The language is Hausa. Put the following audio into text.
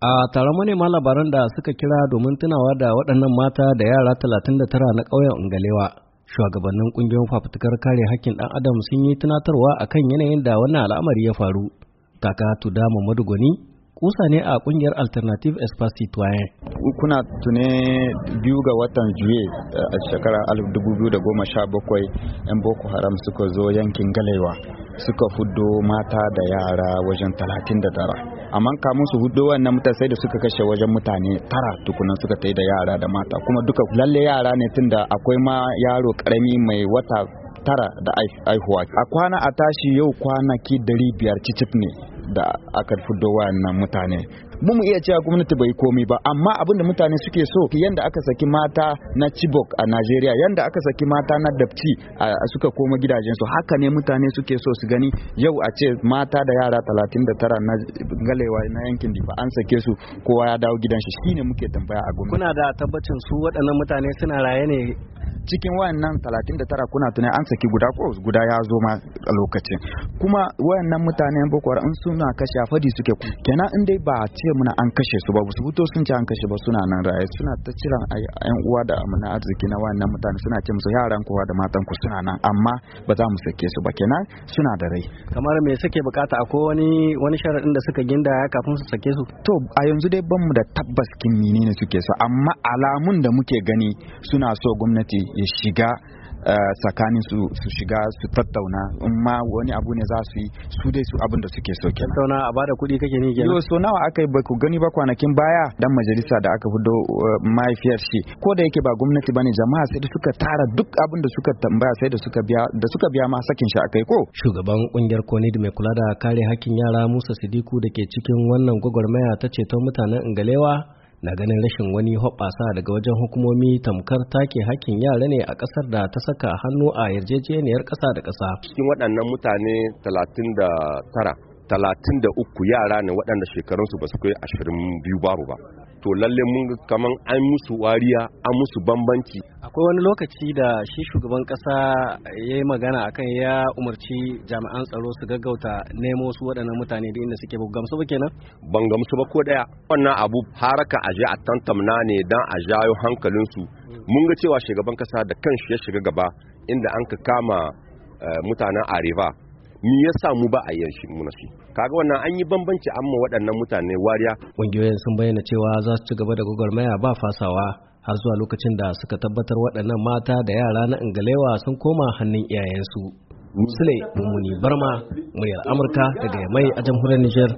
A taron manema labaran da suka kira domin tunawa da waɗannan mata da yara talatin da tara na ƙauyen Ungalewa, shugabannin ƙungiyar fafutukar kare hakkin ɗan adam sun yi tunatarwa a kan yanayin da wannan al'amari ya faru. taka Tuda Muhammadu Gwani, kusa ne a ƙungiyar Alternative Espace Citoyen. Kuna tune biyu ga watan Juye eh, a shekarar 2017 'yan Boko Haram suka zo yankin Galewa. suka fuddo mata da yara wajen talatin da tara amma kamun su hudo wannan mutan sai da suka kashe wajen mutane tara tukunan suka tai da yara da mata kuma duka lalle yara ne tunda akwai ma yaro karami mai wata tara da aihuwa a kwana a tashi yau kwanaki dari biyar cicit ne da aka fito wayannan mutane mu mu iya cewa gwamnati bai komi ba amma abinda mutane suke so yanda aka saki mata na Chibok a Najeriya yanda aka saki mata na Dapchi suka koma gidajensu haka ne mutane suke so su gani yau a ce mata da yara 39 na galewa na yankin Difa an sake su kowa ya dawo gidan shi shine muke tambaya a gwamnati kuna da tabbacin su waɗannan mutane suna raye ne cikin wayannan 39 kuna tunai an saki guda ko guda ya zo ma a lokacin kuma wayannan mutanen boko haram suna kashe fadi suke ku kenan in dai ba ce muna an kashe su ba su fito sun ce an kashe ba suna nan raye suna ta ciran ayan uwa da amana arziki na wayannan mutane suna ce musu yaran kowa da matan ku suna nan amma ba za mu sake su ba kenan suna da rai kamar me suke bukata akwai wani wani sharadin da suka ginda kafin su sake su to a yanzu dai ban mu da tabbas kin menene suke so amma alamun da muke gani suna so gwamnati ya shiga eh, tsakanin su su shiga su tattauna in ma wani abu ne za su yi su dai su abin da suke so kenan tattauna a bada kuɗi kake ne kenan so nawa aka yi ku gani ba kwanakin baya dan majalisa da aka fito eh, mahaifiyar shi ko da yake ba gwamnati bane jama'a sai da suka tara duk abin da suka tambaya sai da suka biya da suka biya ma sakin shi akai ko shugaban kungiyar konid mai kula da kare hakkin yara Musa Sidiku da ke cikin wannan gwagwarmaya ta ceton mutanen Ingalewa na ganin rashin wani hoɓasa daga wajen hukumomi tamkar take hakkin yara ne a ƙasar da ta saka hannu a yarjejeniyar ƙasa da ƙasa. Cikin waɗannan mutane talatin da tara talatin da uku yara ne waɗanda shekarunsu ba su kai ashirin biyu baro ba to lalle mun kaman an musu wariya an musu bambanci akwai wani lokaci da shi shugaban kasa ya yi magana akan ya umarci jami'an tsaro su gaggauta nemo su waɗannan mutane da inda suke gamsu ba kenan ban gamsu ba ko daya wannan abu haraka aje a tantamna ne dan a jayo hankalinsu mun ga cewa shugaban kasa da kanshi ya shiga gaba inda an ka kama eh, mutanen areva ni yasa mu ba a yin shi muna shi kaga wannan an yi bambanci amma waɗannan mutane wariya ƙungiyoyin sun bayyana cewa za su ci gaba da gwagwarmaya ba fasawa har zuwa lokacin da suka tabbatar waɗannan mata da yara na ingalewa sun koma hannun iyayensu musule mummuni barma muryar amurka daga mai a jamhuriyar niger